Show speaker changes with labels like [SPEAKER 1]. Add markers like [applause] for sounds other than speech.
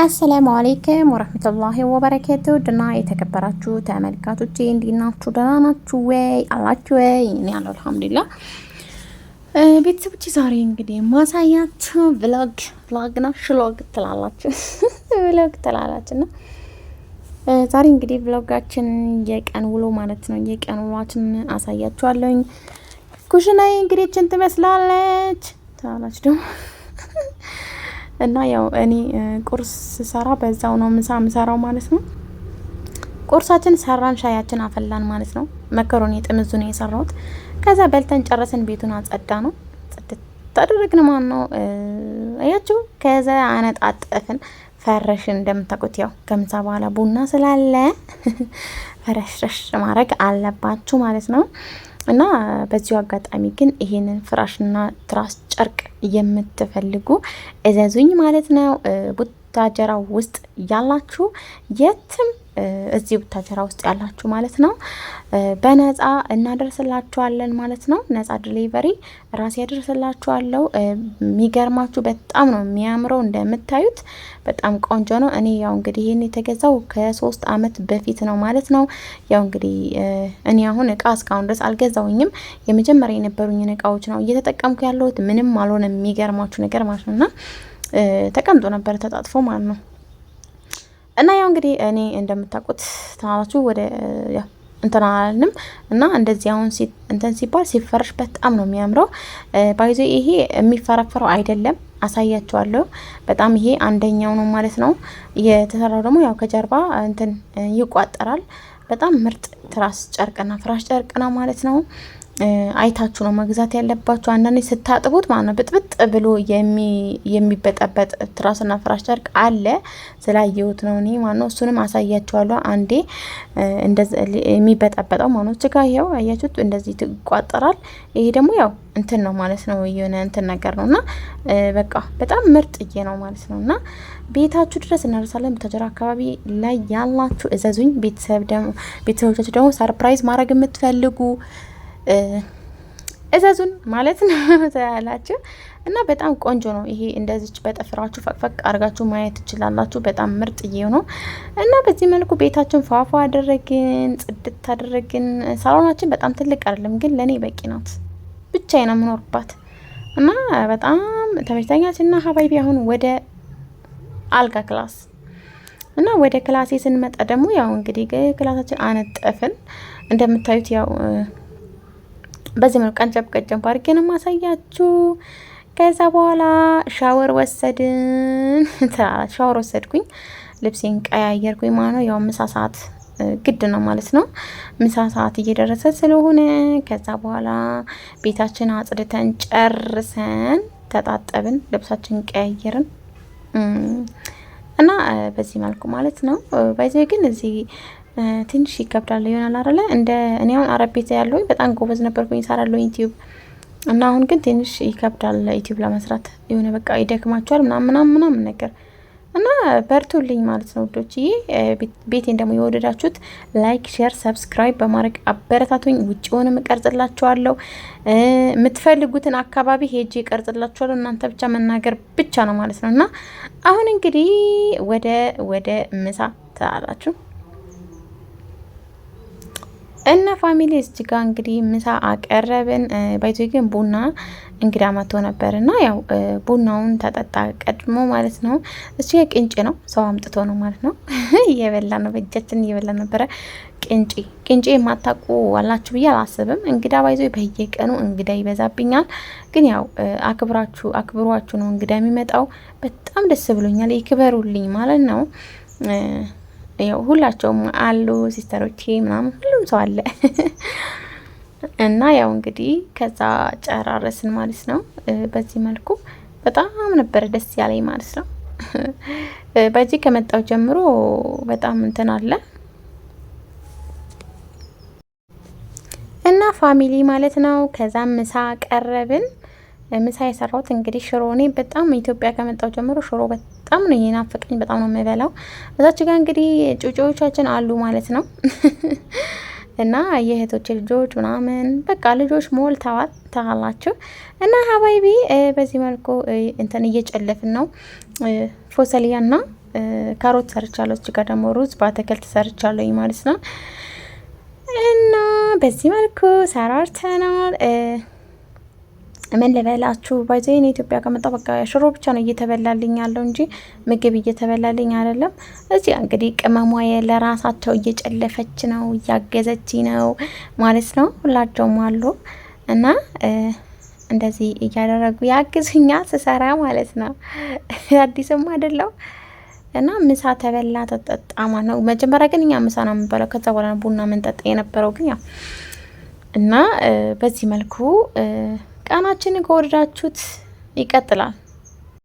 [SPEAKER 1] አሰላሙ አሌይኩም ወረህመቱላሂ ወበረከቱ ድና የተከበራችሁ ተመልካቾቼ እንዴት ናችሁ? ደህና ናችሁ ወይ? አላችሁ ወይ? እኔ ያለው አልሐምዱሊላህ። ቤተሰቦች ዛሬ እንግዲህ ማሳያችሁ ብሎግ ብሎግ ነው ሽሎግ ትላላችሁ ብሎግ [laughs] ትላላችሁ ነው። ዛሬ እንግዲህ ብሎጋችን የቀን ውሎ ማለት ነው የቀን ውሏችን አሳያችኋለሁኝ። ኩሽናዬ እንግዲህ ችን ትመስላለች ትላላችሁ ደግሞ እና ያው እኔ ቁርስ ስሰራ በዛው ነው ምሳ ምሰራው ማለት ነው። ቁርሳችን ሰራን፣ ሻያችን አፈላን ማለት ነው። መከሮኒ ጥምዙ ነው የሰራሁት። ከዛ በልተን ጨረስን፣ ቤቱን አጸዳ ነው ታደረግን ማን ነው አያችሁ። ከዛ አነጣጠፍን ፈረሽን። እንደምታውቁት ያው ከምሳ በኋላ ቡና ስላለ [laughs] ፈረሽረሽ ማድረግ አለባችሁ ማለት ነው። እና በዚሁ አጋጣሚ ግን ይሄንን ፍራሽና ትራስ ጨርቅ የምትፈልጉ እዘዙኝ ማለት ነው። ቡታጀራ ውስጥ ያላችሁ የትም እዚህ ቡታጀራ ውስጥ ያላችሁ ማለት ነው በነጻ እናደርስላችኋለን ማለት ነው። ነጻ ዲሊቨሪ ራሴ ያደርስላችኋለሁ። የሚገርማችሁ በጣም ነው የሚያምረው እንደምታዩት በጣም ቆንጆ ነው። እኔ ያው እንግዲህ ይህን የተገዛው ከሶስት አመት በፊት ነው ማለት ነው። ያው እንግዲህ እኔ አሁን እቃ እስካሁን ድረስ አልገዛውኝም። የመጀመሪያ የነበሩኝን እቃዎች ነው እየተጠቀምኩ ያለሁት። ምንም አልሆነ የሚገርማችሁ ነገር ማለት ነው። እና ተቀምጦ ነበር ተጣጥፎ ማለት ነው። እና ያው እንግዲህ እኔ እንደምታውቁት ተማማቹ ወደ እንትን አላልንም እና እንደዚህ አሁን እንትን ሲባል ሲፈረሽ በጣም ነው የሚያምረው። ባይዞ ይሄ የሚፈረፈረው አይደለም፣ አሳያችኋለሁ። በጣም ይሄ አንደኛው ነው ማለት ነው። የተሰራው ደግሞ ያው ከጀርባ እንትን ይቋጠራል። በጣም ምርጥ ትራስ ጨርቅና ፍራሽ ጨርቅ ነው ማለት ነው። አይታችሁ ነው መግዛት ያለባችሁ። አንዳንዴ ስታጥቡት ማለት ነው ብጥብጥ ብሎ የሚበጠበጥ ትራስና ፍራሽ ጨርቅ አለ። ስላየሁት ነው እኔ ማለት ነው። እሱንም አሳያችኋለሁ አንዴ የሚበጠበጠው ማለት ነው። እችጋ ያው አያችሁት፣ እንደዚህ ይቋጠራል። ይሄ ደግሞ ያው እንትን ነው ማለት ነው። የሆነ እንትን ነገር ነው እና በቃ በጣም ምርጥዬ ነው ማለት ነው። እና ቤታችሁ ድረስ እናደርሳለን። ቡታጀራ አካባቢ ላይ ያላችሁ እዘዙኝ። ቤተሰብ ቤተሰቦቻችሁ ደግሞ ሰርፕራይዝ ማድረግ የምትፈልጉ እዘዙን ማለት ነው [laughs] ያላችሁ እና በጣም ቆንጆ ነው ይሄ። እንደዚች በጠፍራችሁ ፈቅፈቅ አድርጋችሁ ማየት ትችላላችሁ። በጣም ምርጥዬ ነው እና በዚህ መልኩ ቤታችን ፏፏ አደረግን፣ ጽድት አደረግን። ሳሎናችን በጣም ትልቅ አይደለም፣ ግን ለእኔ በቂ ናት። ብቻዬን ነው የምኖርባት እና በጣም ተመችታኛችን እና ሀባይቢ አሁን ወደ አልጋ ክላስ እና ወደ ክላሴ ስንመጣ ደግሞ ያው እንግዲህ ክላሳችን አነጠፍን እንደምታዩት ያው በዚህ መልኩ ቀንጨብ ቀንጨብ አድርጌ ማሳያችሁ። ከዛ በኋላ ሻወር ወሰድን። ሻወር ወሰድኩኝ፣ ልብሴን ቀያየርኩኝ ማለት ነው። ያው ምሳ ሰዓት ግድ ነው ማለት ነው። ምሳ ሰዓት እየደረሰ ስለሆነ ከዛ በኋላ ቤታችን አጽድተን ጨርሰን ተጣጠብን፣ ልብሳችን ቀያየርን እና በዚህ መልኩ ማለት ነው። ባይዘ ግን እዚህ ትንሽ ይከብዳል ይሆናል አይደለ? እንደ እኔ አሁን አረብ ቤት ያለሁኝ በጣም ጎበዝ ነበርኩኝ፣ እሰራለሁኝ ዩቲዩብ እና አሁን ግን ትንሽ ይከብዳል ዩቲዩብ ለመስራት የሆነ በቃ ይደክማቸዋል ምናምን ምናምን ምናምን ነገር እና በርቱልኝ ማለት ነው ውዶችዬ። ቤቴን ደግሞ የወደዳችሁት ላይክ፣ ሼር፣ ሰብስክራይብ በማድረግ አበረታቱኝ። ውጭውንም እቀርጽላችኋለሁ። የምትፈልጉትን አካባቢ ሄጅ እቀርጽላችኋለሁ። እናንተ ብቻ መናገር ብቻ ነው ማለት ነው እና አሁን እንግዲህ ወደ ወደ ምሳ ተላላችሁ እና ፋሚሊ እዚህ ጋር እንግዲህ ምሳ አቀረብን። ባይቶ ግን ቡና እንግዳ መጥቶ ነበር እና ያው ቡናውን ተጠጣ ቀድሞ ማለት ነው። እሱ የቅንጭ ነው፣ ሰው አምጥቶ ነው ማለት ነው። [laughs] እየበላ ነው፣ በእጃችን እየበላ ነበረ። ቅንጭ ቅንጭ የማታውቁ አላችሁ ብዬ አላስብም። እንግዳ ባይዞ በየቀኑ እንግዳ ይበዛብኛል፣ ግን ያው አክብራችሁ አክብሯችሁ ነው እንግዳ የሚመጣው። በጣም ደስ ብሎኛል። ይክበሩልኝ ማለት ነው። ያው ሁላቸውም አሉ ሲስተሮቼ ምናምን ሁሉም ሰው አለ [laughs] እና ያው እንግዲህ ከዛ ጨራረስን ማለት ነው። በዚህ መልኩ በጣም ነበረ ደስ ያለኝ ማለት ነው። በዚህ ከመጣው ጀምሮ በጣም እንትን አለ እና ፋሚሊ ማለት ነው። ከዛም ምሳ ቀረብን። ምሳ የሰራሁት እንግዲህ ሽሮ። እኔ በጣም ኢትዮጵያ ከመጣሁ ጀምሮ ሽሮ በጣም ነው የናፈቀኝ፣ በጣም ነው የምበላው። እዛች ጋር እንግዲህ ጩጮዎቻችን አሉ ማለት ነው [laughs] እና የእህቶች ልጆች ምናምን በቃ ልጆች ሞል ተዋል ታላችሁ እና ሀባይቢ በዚህ መልኩ እንትን እየጨለፍን ነው። ፎሰሊያ ፎሰሊያና ካሮት ሰርቻለሁ። እዚህ ጋር ደግሞ ሩዝ በአትክልት ሰርቻለሁ ማለት ነው እና በዚህ መልኩ ሰራርተናል። ምን ልበላችሁ ባይዘይን ኢትዮጵያ ከመጣ በቃ ሽሮ ብቻ ነው እየተበላልኝ ያለው እንጂ ምግብ እየተበላልኝ አይደለም። እዚያ እንግዲህ ቅመሟ ለራሳቸው እየጨለፈች ነው እያገዘች ነው ማለት ነው። ሁላቸውም አሉ እና እንደዚህ እያደረጉ ያግዙኛ ስሰራ ማለት ነው። አዲስም አይደለው እና ምሳ ተበላ ተጠጣ ማለት ነው። መጀመሪያ ግን እኛ ምሳ ነው የምንበለው፣ ከዛ በኋላ ቡና ምንጠጣ የነበረው ግን ያው እና በዚህ መልኩ ቃናችንን ከወደዳችሁት ይቀጥላል።